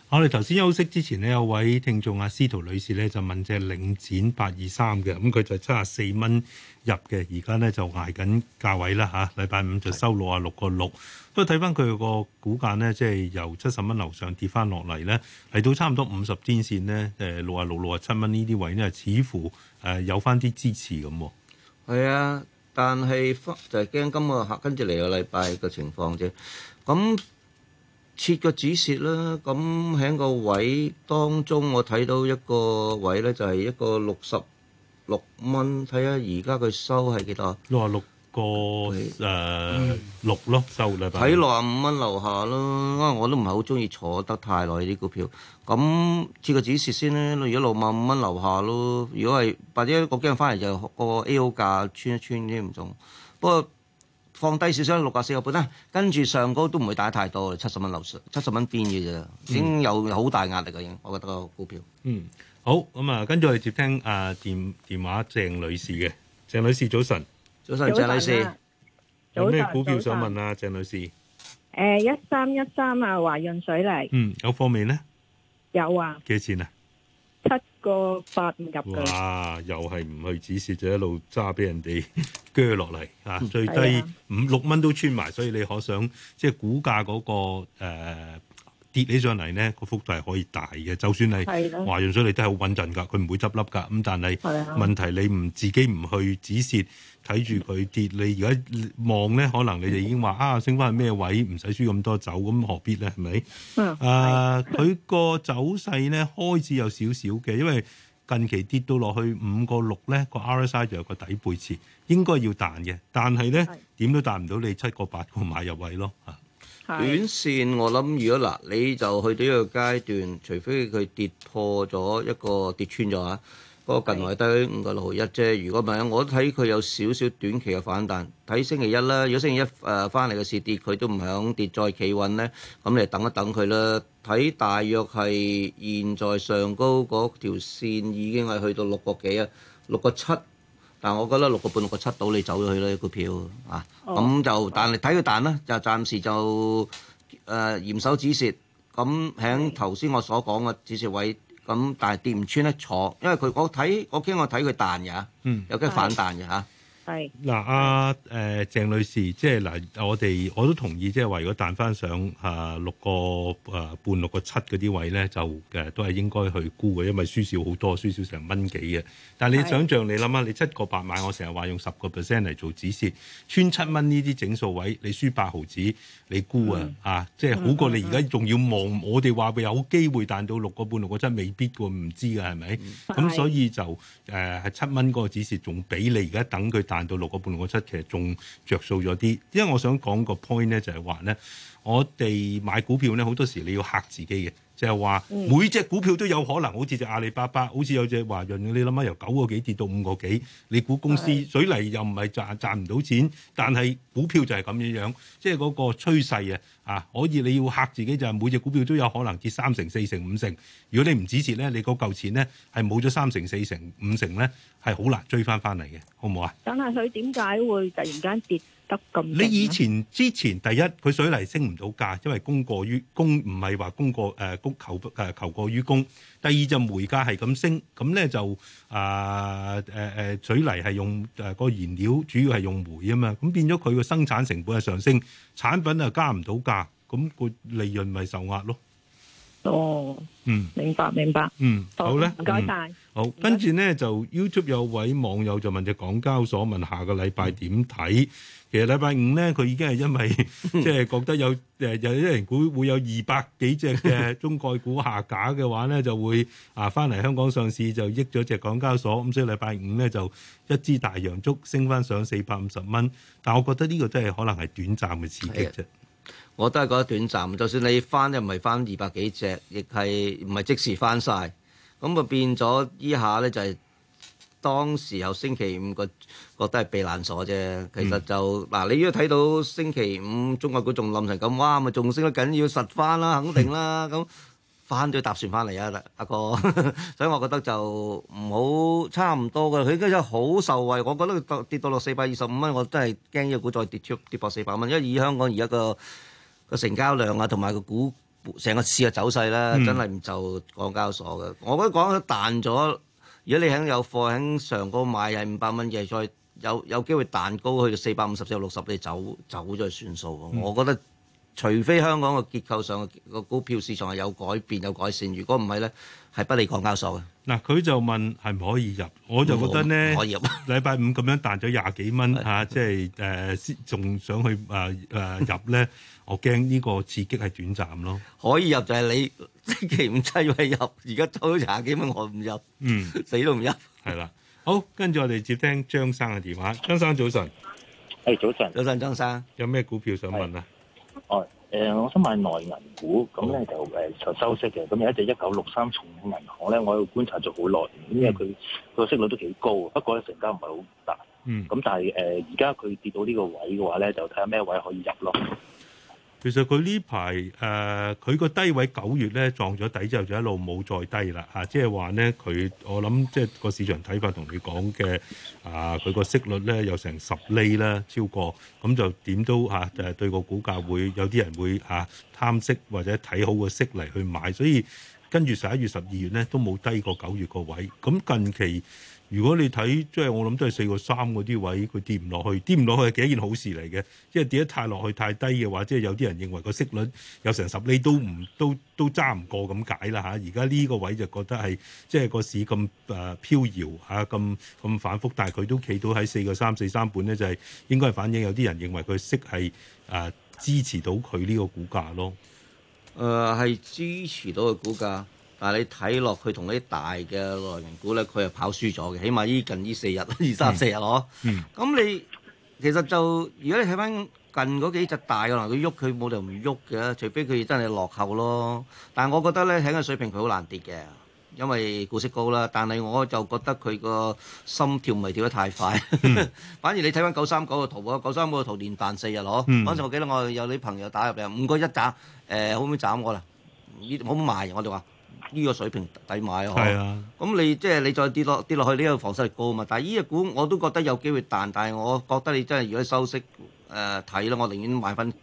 啊、我哋頭先休息之前呢有位聽眾阿司徒女士咧就問隻領展八二三嘅，咁、嗯、佢就七十四蚊入嘅，而家咧就挨緊價位啦嚇，禮、啊、拜五就收六啊六個六，不過睇翻佢個股價咧，即係由七十蚊樓上跌翻落嚟咧，嚟到差唔多五十天線咧，誒六啊六六啊七蚊呢啲位咧，似乎誒、呃、有翻啲支持咁、啊。係啊，但係就係、是、驚今個跟住嚟個禮拜嘅情況啫，咁。切個止蝕啦，咁喺個位當中，我睇到一個位咧，就係一個六十六蚊。睇下而家佢收係幾多？六啊六個誒六咯，收禮拜。睇六啊五蚊樓下咯，因為我都唔係好中意坐得太耐啲股票。咁切個止蝕先啦。如果六萬五蚊樓下咯，如果係或者個驚翻嚟就個 A.O. 價穿一穿添呢種，不過。放低少少六十四個半啦，跟住上高都唔會打太多，七十蚊流失七十蚊邊嘅啫，嗯、已經有好大壓力已嘅，我覺得個股票。嗯，好咁啊，跟住我哋接聽啊電、呃、電話鄭女士嘅，鄭女士早晨，早晨，鄭女士，啊、有咩股票晨想問啊，鄭女士？誒一三一三啊，華潤水泥。嗯，有貨未呢？有啊。幾錢啊？個八唔入嘅，哇！又係唔去止蝕，就一路揸俾人哋鋸落嚟啊！最低五六蚊都穿埋，所以你可想，即係股價嗰、嗰個、呃、跌起上嚟咧，個幅度係可以大嘅。就算係華潤水你都係好穩陣㗎，佢唔會執笠㗎。咁但係問題你唔自己唔去止蝕。睇住佢跌，你而家望咧，可能你就已經話啊，升翻去咩位？唔使輸咁多走。咁何必咧？係咪？嗯、 呃。佢個走勢咧，開始有少少嘅，因為近期跌到落去五個六咧，個 RSI 就有個底背馳，應該要彈嘅。但係咧點都彈唔到你七個八個買入位咯嚇。是短線我諗，如果嗱，你就去到呢個階段，除非佢跌破咗一個跌穿咗。個近來低五個六毫一啫。如果唔係，我睇佢有少少短期嘅反彈。睇星期一啦。如果星期一誒翻嚟嘅市跌，佢都唔肯跌再企穩咧。咁你等一等佢啦。睇大約係現在上高嗰條線已經係去到六個幾啊，六個七。但我覺得六個半、六個七到你走咗去啦，個票、哦、啊。咁就但係睇佢彈啦。就暫時就誒、呃、嚴守止蝕。咁喺頭先我所講嘅止蝕位。咁但係跌唔穿咧，坐，因為佢我睇我驚我睇佢彈㗎，有啲反彈㗎吓。嗱，阿誒、e, 呃、鄭女士，即係嗱，我哋我都同意，即係話如果彈翻上嚇六個誒半六個七嗰啲位咧，就、呃、誒都係應該去沽嘅，因為輸少好多，輸少成蚊幾嘅。但係你想象你諗下，你七個八買，我成日話用十個 percent 嚟做止蝕，穿七蚊呢啲整數位，你輸八毫子，嗯、你沽啊嚇，即係好過你而家仲要望。我哋話會有機會彈到六個半六個七，5, 7，未必喎，唔知㗎係咪？咁所以就誒係七蚊個止蝕仲俾你，而家等佢彈。到六個半六個七，其實仲着數咗啲。因為我想講個 point 咧，就係話咧，我哋買股票咧，好多時你要嚇自己嘅。就係話每隻股票都有可能，好似隻阿里巴巴，好似有隻華潤，你諗下由九個幾跌到五個幾，你估公司水泥又唔係賺賺唔到錢，但係股票就係咁樣樣，即係嗰個趨勢啊！啊，可以你要嚇自己就係每隻股票都有可能跌三成、四成、五成。如果你唔止蝕咧，你嗰嚿錢咧係冇咗三成、四成、五成咧，係好難追翻翻嚟嘅，好唔好啊？但係佢點解會突然間跌？你以前之前第一佢水泥升唔到價，因為供過於供唔係話供過誒供、呃、求誒、呃、求過於供。第二就煤價係咁升，咁咧就誒誒誒水泥係用誒個燃料主要係用煤啊嘛，咁變咗佢個生產成本係上升，產品啊加唔到價，咁個利潤咪受壓咯。哦，嗯，明白明白，嗯，好啦，唔該晒，好。跟住呢，就 YouTube 有位網友就問隻港交所，問下個禮拜點睇？其實禮拜五呢，佢已經係因為即係覺得有誒 有啲人估會有二百幾隻嘅中概股下架嘅話呢，就會啊翻嚟香港上市就益咗隻港交所。咁所以禮拜五呢，就一支大陽燭升翻上四百五十蚊，但我覺得呢個真係可能係短暫嘅刺激啫。我都係覺得短暫，就算你翻又唔係翻二百幾隻，亦係唔係即時翻晒。咁啊變咗依下咧就係當時又星期五個覺得係避難所啫。其實就嗱、嗯，你如果睇到星期五中國股仲冧成咁，哇咪仲升得緊，要實翻啦，肯定啦，咁、嗯、翻咗，搭船翻嚟啊，阿哥。 所以我覺得就唔好差唔多㗎，佢而家真係好受惠。我覺得跌到落四百二十五蚊，我真係驚依個股再跌出跌破四百蚊，因為以香港而家個。個成交量啊，同埋個股成個市嘅走勢啦、啊，嗯、真係唔就港交所嘅。我覺得講咗彈咗，如果你喺有貨喺上高買係五百蚊嘅，再有有機會彈高去到四百五十、四百六十，你走走再算數、嗯、我覺得。除非香港嘅結構上個股票市場係有改變有改善，如果唔係咧，係不利港交所嘅。嗱，佢就問係唔可以入？我就覺得咧，禮拜五咁樣彈咗廿幾蚊吓，即係誒，仲想去誒誒入咧，我驚呢個刺激係短暫咯。可以入就係你星期五擠去入，而家走咗廿幾蚊我唔入，嗯，死都唔入。係啦，好，跟住我哋接聽張生嘅電話。張生早晨，誒早晨，早晨張生，有咩股票想問啊？哦、oh, um,，誒 th、uh,，我想買內銀股，咁咧就誒就收息嘅。咁有一隻一九六三重慶銀行咧，我喺度觀察咗好耐，因為佢個息率都幾高，不過咧成交唔係好大。嗯，咁但係誒，而家佢跌到呢個位嘅話咧，就睇下咩位可以入咯。其實佢呢排，誒佢個低位九月咧撞咗底之後就一路冇再低啦嚇，即係話咧，佢我諗即係個市場睇法同你講嘅啊，佢個息率咧有成十厘啦，超過，咁就點都嚇、誒、啊，就係，對個股價會有啲人會嚇、啊、貪息或者睇好個息嚟去買，所以跟住十一月十二月咧都冇低過九月個位，咁近期。如果你睇即係我諗都係四個三嗰啲位，佢跌唔落去，跌唔落去係幾一件好事嚟嘅。即係跌得太落去太低嘅話，即係有啲人認為個息率有成十厘都唔都都揸唔過咁解啦嚇。而家呢個位就覺得係即係個市咁誒、呃、飄搖嚇，咁、啊、咁反覆，但係佢都企到喺四個三四三本咧，就係、是、應該係反映有啲人認為佢息係誒、呃、支持到佢呢個股價咯。誒係、呃、支持到個股價。但係你睇落佢同嗰啲大嘅內銀股咧，佢係跑輸咗嘅。起碼依近呢四日、二三四日咯。咁你其實就如果你睇翻近嗰幾隻大嘅，可能佢喐佢冇理由唔喐嘅，除非佢真係落後咯。但係我覺得咧，喺個水平佢好難跌嘅，因為股息高啦。但係我就覺得佢個心跳唔係跳得太快，反而你睇翻九三九個圖啊，九三九個圖連彈四日咯。嗰陣我記得我有啲朋友打入嚟五個一斬，誒好唔好斬我啦？呢好唔好賣？我就話。呢個水平抵買啊！咁你即係你再跌落跌落去，呢個防失力高啊嘛！但係呢隻股我都覺得有機會彈，但係我覺得你真係如果收息誒睇啦，我寧願買翻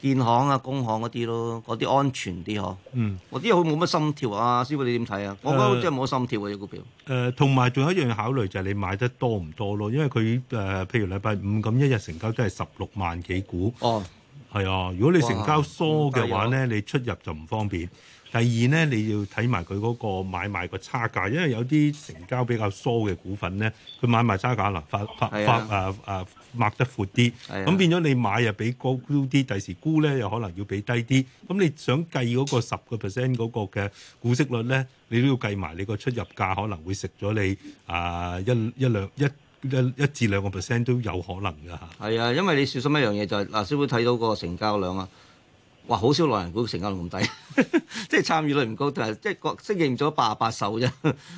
建行啊、工行嗰啲咯，嗰啲安全啲嗬。嗯，嗰啲好冇乜心跳啊！師傅你點睇啊？我覺得真係冇心跳啊！隻股票。誒，同埋仲有一樣考慮就係你買得多唔多咯，因為佢誒，譬如禮拜五咁一日成交都係十六萬幾股。哦。係啊，如果你成交疏嘅話咧，你出入就唔方便。第二咧，你要睇埋佢嗰個買賣個差價，因為有啲成交比較疏嘅股份咧，佢買賣差價啦，發發發誒誒擘得闊啲，咁、啊、變咗你買又俾高估啲，第時估咧又可能要俾低啲，咁你想計嗰個十個 percent 嗰個嘅股息率咧，你都要計埋你個出入價可能會食咗你啊一一兩一一一,一至兩個 percent 都有可能㗎吓。係啊，因為你小心一樣嘢就係、是、嗱，先會睇到個成交量啊。哇！好少內銀股成交率咁低， 即係參與率唔高，但係即係適應咗八十八手啫。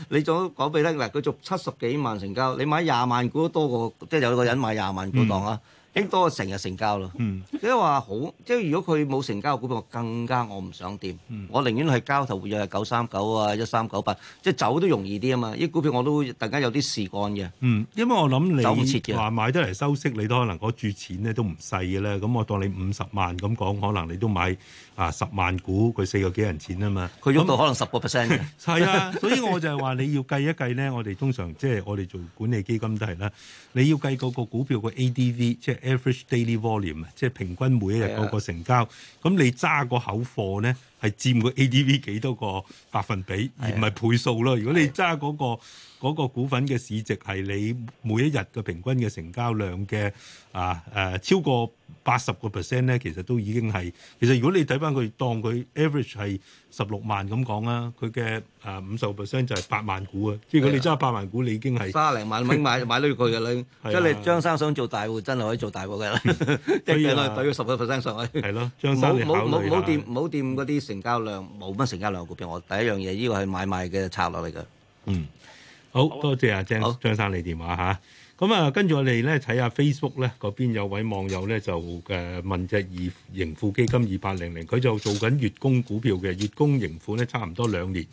你早講俾你聽，嗱，佢做七十幾萬成交，你買廿萬股都多過，即係有個人買廿萬股檔啊！嗯多成日成交咯，即係話好，即係如果佢冇成交嘅股票，更加我唔想掂，嗯、我寧願係交投活躍嘅九三九啊、一三九八，即係走都容易啲啊嘛。啲股票我都突然間有啲事幹嘅。嗯，因為我諗你話買得嚟收息，你都可能住注錢咧都唔細嘅啦。咁我當你五十萬咁講，可能你都買啊十萬股，佢四個幾人錢啊嘛？佢喐到可能十個 percent 嘅。係啊，所以我就係話你要計一計咧，我哋通常即係我哋做管理基金都係啦，你要計嗰個股票個 adv 即係。Average daily volume，即係平均每一日嗰個成交，咁的、嗯、你揸個口貨咧？係佔個 A D V 幾多個百分比，而唔係倍數咯。如果你揸嗰個嗰個股份嘅市值係你每一日嘅平均嘅成交量嘅啊誒超過八十個 percent 咧，其實都已經係其實如果你睇翻佢當佢 average 係十六萬咁講啦，佢嘅誒五十個 percent 就係八萬股啊。即係如果你揸八萬股，你已經係三零萬蚊買買呢個嘅你，即係你張生想做大戶，真係可以做大戶嘅啦。即係可以抵咗十個 percent 上去。係咯，張生你考慮下。冇冇冇冇掂冇掂嗰啲。成交量冇乜成交量股票，我第一樣嘢呢個係買賣嘅策略嚟嘅。嗯，好，好多謝阿、啊、好張張生你電話嚇。咁啊，跟住我哋咧睇下 Facebook 咧嗰邊有位網友咧就誒、啊、問隻二盈富基金二八零零，佢就做緊月供股票嘅月供盈富。咧差唔多兩年，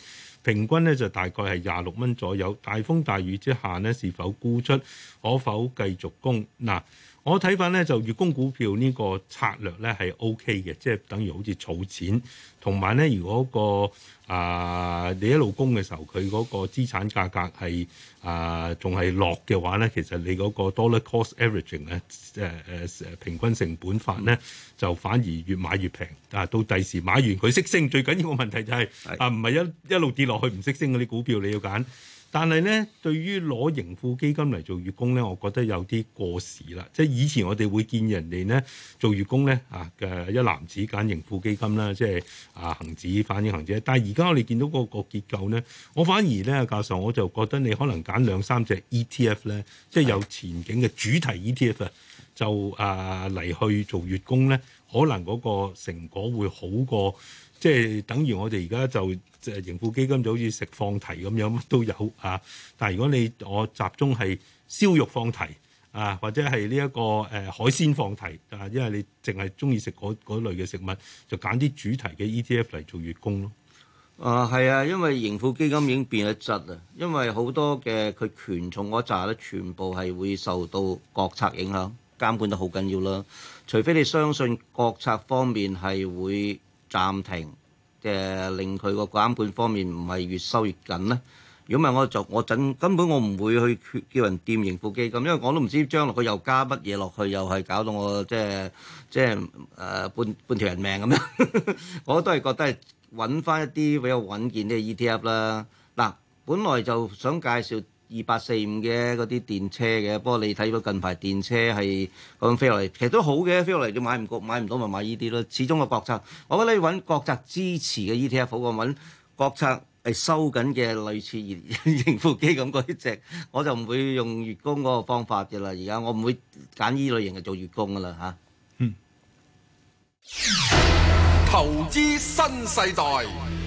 平均咧就大概係廿六蚊左右。大風大雨之下呢，是否沽出？可否繼續供嗱？我睇返咧就月供股票呢個策略咧係 O K 嘅，即係等於好似儲錢，同埋咧如果個啊、呃、你一路供嘅時候，佢嗰個資產價格係啊仲係落嘅話咧，其實你嗰個 dollar cost averaging 咧誒誒平均成本法咧就反而越買越平啊！到第時買完佢識升，最緊要嘅問題就係、是、是啊唔係一一路跌落去唔識升嗰啲股票你要揀。但係咧，對於攞盈富基金嚟做月供咧，我覺得有啲過時啦。即係以前我哋會見人哋咧做月供咧，啊嘅一籃子揀盈富基金啦，即係啊恆指反映恆指。但係而家我哋見到嗰個結構咧，我反而咧，教授我就覺得你可能揀兩三隻 ETF 咧，是即係有前景嘅主題 ETF 就啊嚟去做月供咧，可能嗰個成果會好過。即係等於我哋而家就誒盈富基金就好似食放題咁樣，乜都有啊。但係如果你我集中係燒肉放題啊，或者係呢一個誒、呃、海鮮放題啊，因為你淨係中意食嗰類嘅食物，就揀啲主題嘅 ETF 嚟做月供咯。啊，係啊，因為盈富基金已經變咗質啊，因為好多嘅佢權重嗰扎咧，全部係會受到國策影響，監管得好緊要啦。除非你相信國策方面係會。暫停即係令佢個監管方面唔係越收越緊咧，如果唔係我就我盡根本我唔會去叫人掂盈富基金，因為我都唔知將來佢又加乜嘢落去，又係搞到我即係即係誒、呃、半半條人命咁樣， 我都係覺得揾翻一啲比較穩健啲 ETF 啦。嗱，本來就想介紹二八四五嘅嗰啲電車嘅，不過你睇到近排電車係咁飛落嚟，其實都好嘅，飛落嚟你買唔過買唔到咪買呢啲咯。始終個國策，我覺得要揾國策支持嘅 ETF 好過揾國策係收緊嘅類似熱型附機咁嗰啲隻，我就唔會用月供嗰個方法嘅啦。而家我唔會揀呢類型嘅做月供噶啦嚇。嗯，投資新世代。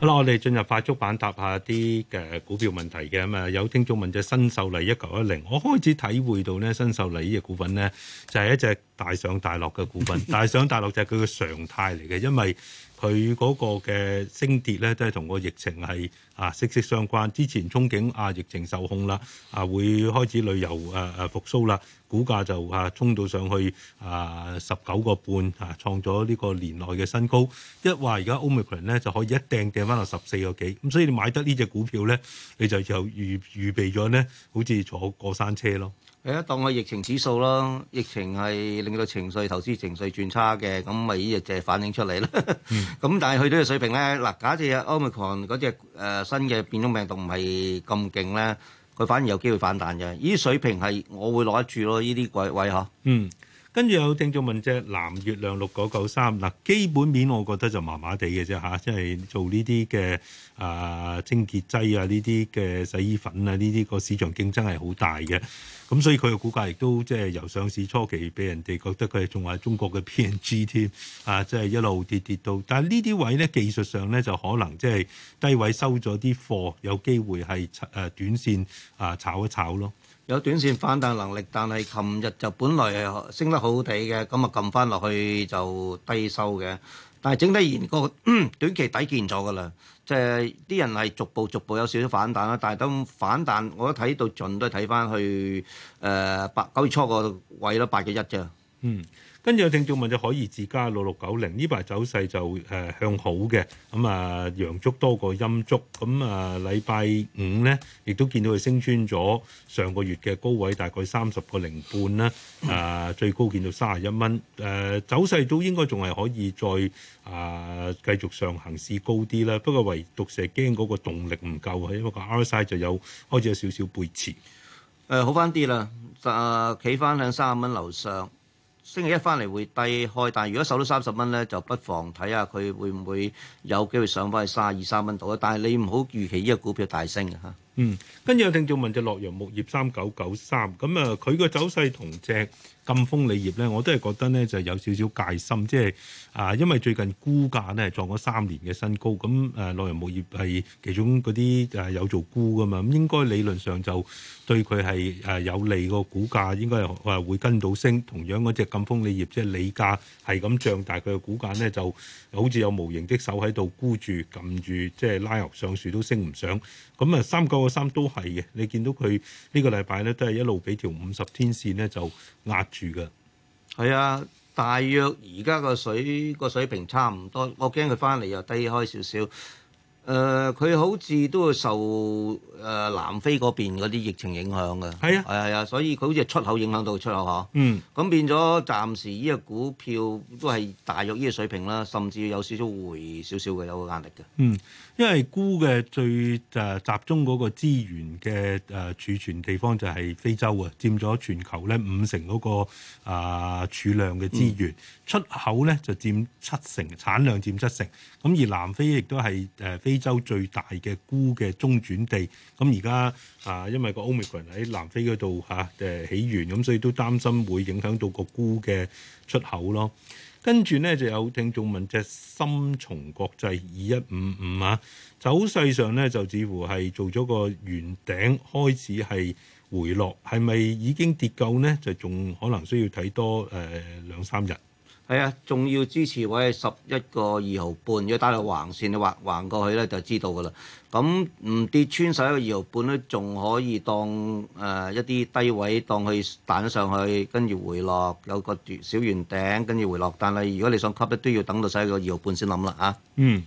好啦，我哋進入快速版答一一，答下啲嘅股票問題嘅咁啊！有聽眾問就新秀麗一九一零，我開始體會到咧新秀麗呢隻股份咧就係、是、一隻大上大落嘅股份， 大上大落就係佢嘅常態嚟嘅，因為。佢嗰個嘅升跌咧，都係同個疫情係啊息息相關。之前憧憬啊疫情受控啦，啊會開始旅遊誒、啊、誒復甦啦，股價就啊衝到上去啊十九個半啊，創咗呢個年內嘅新高。一話而家 Omicron 咧就可以一掟掟翻落十四個幾咁，所以你買得呢隻股票咧，你就就預預備咗咧，好似坐過山車咯。誒，當佢疫情指數咯，疫情係令到情緒、投資情緒轉差嘅，咁咪呢隻就反映出嚟啦。咁、嗯、 但係去到個水平咧，嗱，假設阿奧密克戎嗰隻誒新嘅變種病毒唔係咁勁咧，佢反而有機會反彈嘅。呢啲水平係我會攞得住咯，呢啲位位嚇。嗯。跟住有聽眾問隻藍月亮六九九三，嗱基本面我覺得就麻麻地嘅啫嚇，即、啊、係做呢啲嘅啊清潔劑啊呢啲嘅洗衣粉啊呢啲個市場競爭係好大嘅，咁所以佢嘅股價亦都即係、呃、由上市初期俾人哋覺得佢係仲話中國嘅 P&G 添啊，即、就、係、是、一路跌跌到，但係呢啲位咧技術上咧就可能即係低位收咗啲貨，有機會係誒、呃、短線啊、呃、炒一炒咯。有短線反彈能力，但係琴日就本來升得好好睇嘅，咁啊撳翻落去就低收嘅。但係整體而言，個 短期底見咗噶啦，即係啲人係逐步逐步有少少反彈啦。但係都反彈，我都睇到盡都係睇翻去誒八九月初個位咯，八個一啫。嗯。跟住有聽眾問就海爾智家六六九零呢排走勢就誒、呃、向好嘅，咁、嗯、啊陽燭多過陰燭，咁、嗯、啊禮拜五咧亦都見到佢升穿咗上個月嘅高位，大概三十個零半啦，啊、呃、最高見到三十一蚊，誒、呃、走勢都應該仲係可以再啊繼、呃、續上行試高啲啦，不過唯獨係驚嗰個動力唔夠啊，因為個 RSI 就有開始有少少背馳，誒、呃、好翻啲啦，啊企翻喺三十蚊樓上。星期一翻嚟會低開，但係如果守到三十蚊咧，就不妨睇下佢會唔會有機會上翻去三十二三蚊度啦。但係你唔好預期呢個股票大升嘅。嗯，跟住有聽眾問隻洛陽木業三九九三，咁啊，佢個走勢同隻贛鋒鋰業咧，我都係覺得咧就有少少戒心，即係啊，因為最近鈷價咧撞咗三年嘅新高，咁誒、啊、洛陽鉬業係其中嗰啲誒有做鈷噶嘛，咁應該理論上就對佢係誒有利，個股價應該誒會跟到升。同樣嗰隻贛鋒鋰業即係鋰價係咁漲，但佢嘅股價咧就好似有無形的手喺度箍住撳住，即係拉牛上樹都升唔上。咁啊，三九個三都係嘅，你見到佢呢個禮拜咧都係一路俾條五十天線咧就壓住。住嘅，係啊，大約而家個水個水平差唔多，我驚佢翻嚟又低開少少。誒佢、呃、好似都會受誒南非嗰邊嗰啲疫情影響嘅，係啊，係啊，啊。所以佢好似係出口影響到出口嚇，嗯，咁、啊、變咗暫時呢個股票都係大約呢個水平啦，甚至有少少回少少嘅有個壓力嘅，嗯，因為沽嘅最誒集中嗰個資源嘅誒儲存地方就係非洲啊，佔咗全球咧五成嗰、嗰個啊、呃、儲量嘅資源，嗯、出口咧就佔七成，產量佔七成，咁而南非亦都係誒非。洲最大嘅鈷嘅中轉地，咁而家啊，因為個 Omicron 喺南非嗰度吓誒起源，咁所以都擔心會影響到個鈷嘅出口咯。跟住咧就有聽眾問隻深松國際二一五五啊，走勢上咧就似乎係做咗個圓頂，開始係回落，係咪已經跌夠呢？就仲可能需要睇多誒兩三日。係啊，仲要支持位十一個二毫半，如果打到橫線，你橫橫過去咧就知道㗎啦。咁唔跌穿十一個二毫半咧，仲可以當誒一啲低位，當佢彈上去，跟住回落，有個小圓頂，跟住回落。但係如果你想吸咧，都要等到十一個二毫半先諗啦嚇。啊、嗯。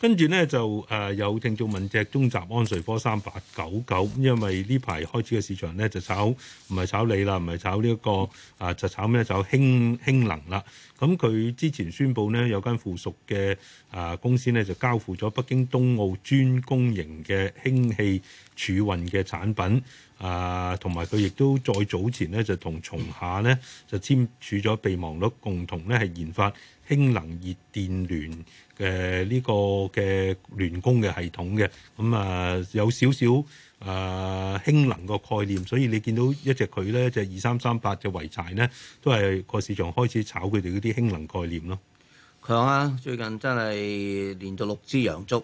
跟住咧就誒有、呃、聽眾問隻中集安瑞科三八九九，因為呢排開始嘅市場咧就炒唔係炒你啦，唔係炒呢、這、一個啊、呃、就炒咩炒氫氫能啦。咁佢之前宣佈咧有間附屬嘅啊公司咧就交付咗北京冬奧專供型嘅氫氣儲運嘅產品啊，同埋佢亦都再早前咧就同松下咧就簽署咗備忘錄，共同咧係研發。氫能熱電聯供呢個嘅聯供嘅系統嘅，咁啊有少少啊氫能個概念，所以你見到一隻佢咧就係二三三八隻濰柴咧，都係個市場開始炒佢哋嗰啲氫能概念咯。強啊，最近真係連續六支陽燭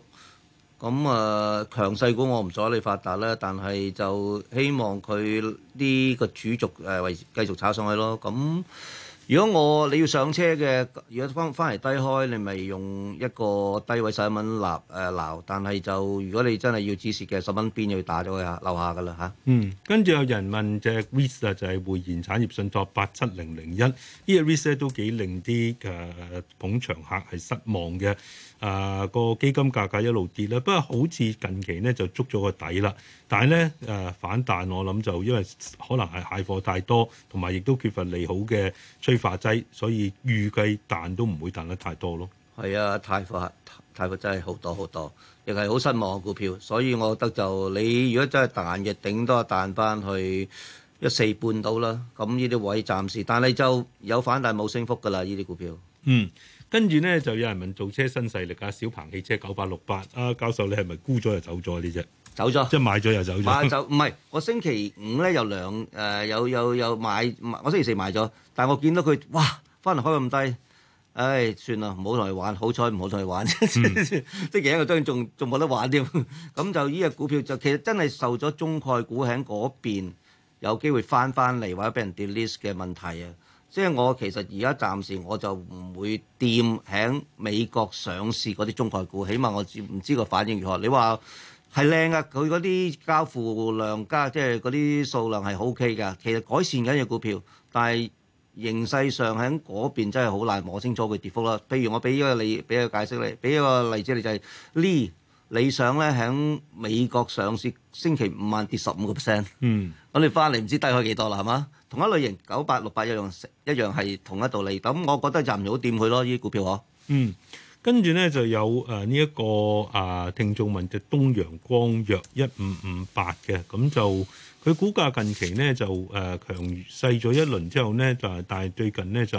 咁啊、呃、強勢股我唔阻你發達啦，但係就希望佢呢個主軸誒繼續炒上去咯，咁。如果我你要上車嘅，如果翻翻嚟低開，你咪用一個低位十蚊立誒鬧，但係就如果你真係要止蝕嘅十蚊邊就要打咗佢下樓下噶啦嚇。啊、嗯，跟住有人問隻 risk 啊，就係匯賢產業信託八七零零一，呢隻 risk 都幾令啲誒捧場客係失望嘅。啊，個基金價格一路跌咧，不過好似近期呢就捉咗個底啦。但係咧，誒、啊、反彈我諗就因為可能係蟹貨太多，同埋亦都缺乏利好嘅催化劑，所以預計彈都唔會彈得太多咯。係啊，蟹貨蟹貨真係好多好多，亦係好失望嘅股票。所以我覺得就你如果真係彈嘅，頂多彈翻去一四半度啦。咁呢啲位暫時，但係就有反彈冇升幅㗎啦，呢啲股票。嗯。跟住咧就有人問造車新勢力啊，小鵬汽車九八六八啊，教授你係咪沽咗又走咗啲啫？走咗了，即係買咗又走咗。買走唔係，我星期五咧有兩誒，有又又、呃、買，我星期四買咗，但係我見到佢哇，翻嚟開咁低，唉算啦，唔好同佢玩，好彩唔好同佢玩。嗯、 星期一我當然仲仲冇得玩添，咁 就依、這個股票就其實真係受咗中概股喺嗰邊有機會翻翻嚟或者俾人 delete 嘅問題啊。即係我其實而家暫時我就唔會掂喺美國上市嗰啲中概股，起碼我知唔知個反應如何？你話係靚噶，佢嗰啲交付量加即係嗰啲數量係 OK 㗎。其實改善緊嘅股票，但係形勢上喺嗰邊真係好難摸清楚佢跌幅啦。譬如我俾一個你，俾一個解釋你，俾一個例子你就係呢理想咧喺美國上市，星期五晚跌十五個 percent。嗯，咁你翻嚟唔知低開幾多啦，係嘛？同一類型九八六八一樣一樣係同一道理。咁我覺得就唔好掂佢咯，呢啲股票嗬。嗯，跟住咧就有誒呢一個啊、呃，聽眾問就東陽光藥一五五八嘅，咁就。佢股價近期咧就誒強勢咗一輪之後咧，就但係最近咧就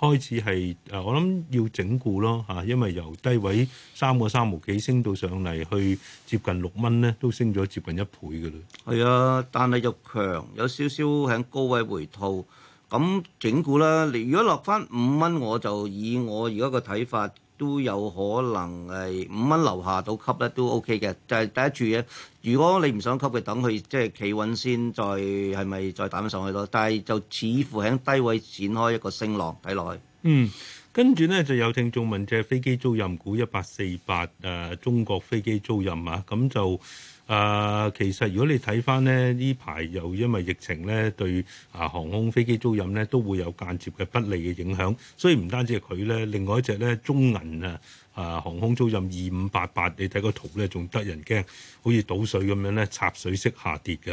開始係誒我諗要整固咯嚇，啊，因為由低位三個三毫幾升到上嚟去接近六蚊咧，都升咗接近一倍嘅嘞。係啊，但係又強有少少喺高位回吐，咁整固啦。你如果落翻五蚊，我就以我而家嘅睇法。都有可能係五蚊樓下到吸咧都 OK 嘅，就係第一注嘢。如果你唔想吸佢，等佢即係企穩先再，再係咪再打翻上去咯？但係就似乎喺低位展開一個升浪睇落去。嗯，跟住呢，就有聽眾問隻飛機租賃股一八四八誒中國飛機租賃啊，咁就。啊、呃，其實如果你睇翻咧，呢排又因為疫情咧，對啊航空飛機租賃咧都會有間接嘅不利嘅影響。所以唔單止係佢咧，另外一隻咧中銀啊啊航空租賃二五八八，你睇個圖咧仲得人驚，好似倒水咁樣咧，插水式下跌嘅。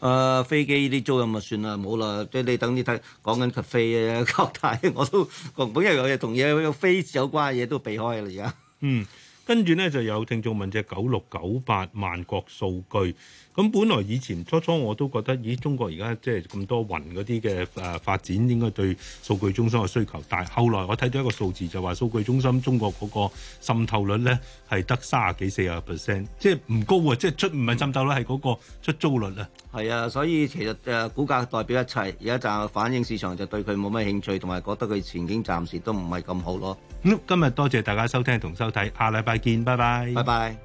啊、呃，飛機啲租賃咪算啦，冇啦。即係你等你睇講緊飛嘅交大，我都我因一我嘢同嘢飛有關嘅嘢都避開啦而家。嗯。 跟住咧，就有聽眾問隻九六九八萬國數據。咁本來以前初初我都覺得，咦？中國而家即係咁多雲嗰啲嘅誒發展，應該對數據中心嘅需求大。但後來我睇到一個數字就，就話數據中心中國嗰個滲透率咧係得三十幾四十 percent，即係唔高啊，即係出唔係滲透率係嗰個出租率啊。係啊，所以其實誒股價代表一切，而家就反映市場就對佢冇乜興趣，同埋覺得佢前景暫時都唔係咁好咯。咁、嗯、今日多謝大家收聽同收睇，下禮拜見，拜拜。拜拜。